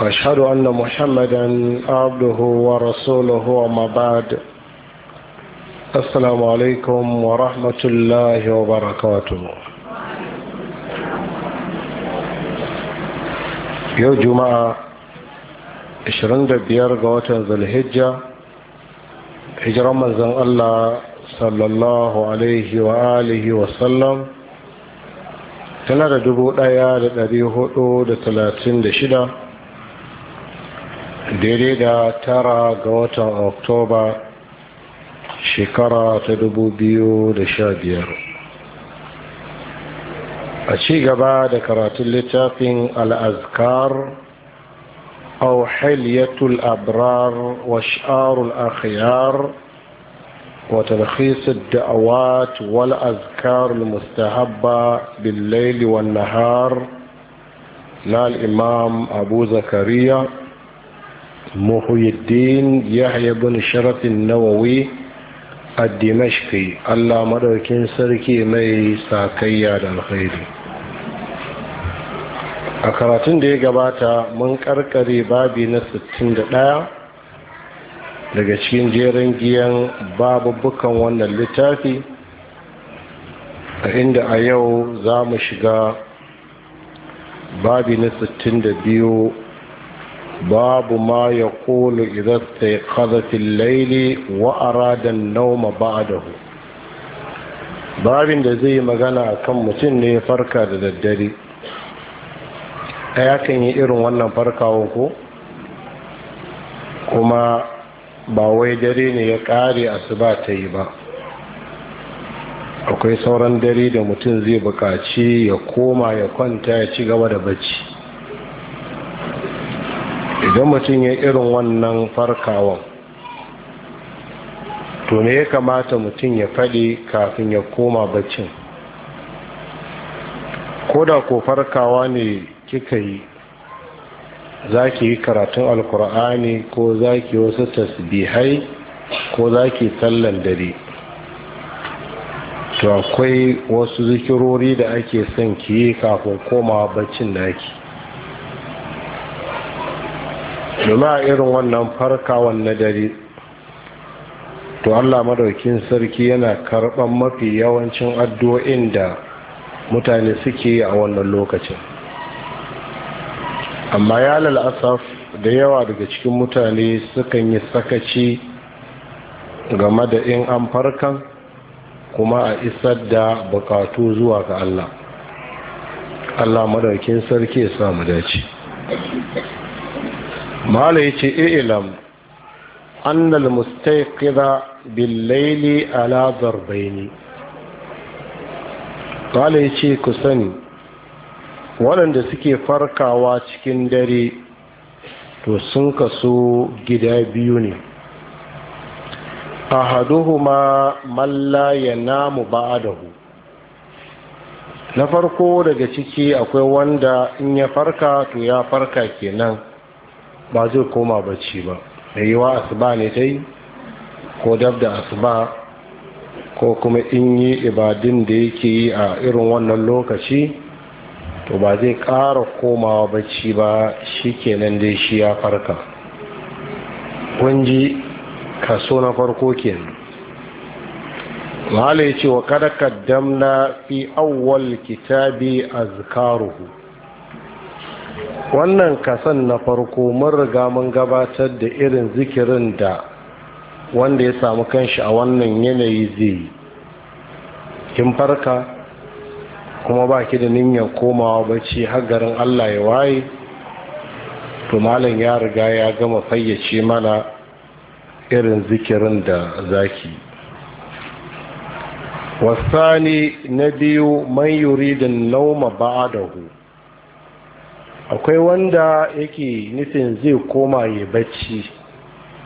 واشهد ان محمدا عبده ورسوله وما بعد السلام عليكم ورحمه الله وبركاته يوم جمعه 25 ga watan zulhijja hijiran manzon Allah sallallahu alaihi wa alihi wa sallam tana da shida. daidai da tara ga watan oktoba shekara ta dubu biyu da sha biyar. a ci gaba da karatun littafin al'azkar au haliyatul abrar wa sha'arul akhiyar wa talhisar da'awat wal azkarul mustahabba billaili wan nahar na al'imam abu zakariya محي الدين يحيى بن شرف النووي الدمشقي الله Sarki سركي مي ساكيا الخير a karatun da ya gabata mun karkare babi na 61 daga cikin jerin giyan babubukan wannan littafi a inda a yau za mu shiga babi na باب ما يقول إذا استيقظ في الليل وأراد النوم بعده babin da zai magana kan mutum ne farka da daddare a yakan yi irin wannan farkawan ko kuma ba wai dare ne ya kare asuba ta yi ba akwai sauran dare da mutum zai bukaci ya koma ya kwanta ya ci gaba da bacci idan mutum ya irin wannan farkawan to ne ya kamata mutum ya faɗi kafin ya koma baccin ko da ko farkawa ne kika yi za ki yi karatun alkur'ani ko za ki wasu tasbihai ko za ki sallan dare to akwai wasu zikirori da ake son ki yi kafin komawa baccin naki domin a irin wannan farkawan na dare to allah madaukin sarki yana karɓar mafi yawancin addu'o'in da mutane suke a wannan lokacin amma ya lalasaf da yawa daga cikin mutane sukan yi sakaci game da in an farkan kuma a isar da bukatu zuwa ga Allah Allah madaukin sarki ya samu dace mala ya ce ilam annal mustaqidha bil laili ala darbaini mala ya ce ku sani waɗanda suke farkawa cikin dare to sun kaso gida biyu ne ahaduhuma man namu yanamu dahu. na farko daga ciki akwai wanda in ya farka to ya farka kenan ba zai koma bacci ba da yiwa asuba ne ta yi ko dab da asuba ko kuma in yi ibadin da yake yi a irin wannan lokaci to ba zai ƙara komawa bacci ba shi kenan dai shi ya farka kunji kaso na farko kenan mahala ya ce wa kada na fi awwal kitabi azkaruhu wannan kasan na farko mun riga mun gabatar da irin zikirin da wanda ya samu kanshi a wannan yanayi zai yi. kin farka kuma ba ki da niyyar komawa bacci har garin Allah ya waye to malam ya riga ya gama fayyace mana irin zikirin da zaki wasani na biyu man yuridin nauma ba'adahu akwai wanda yake nufin zai koma ya bacci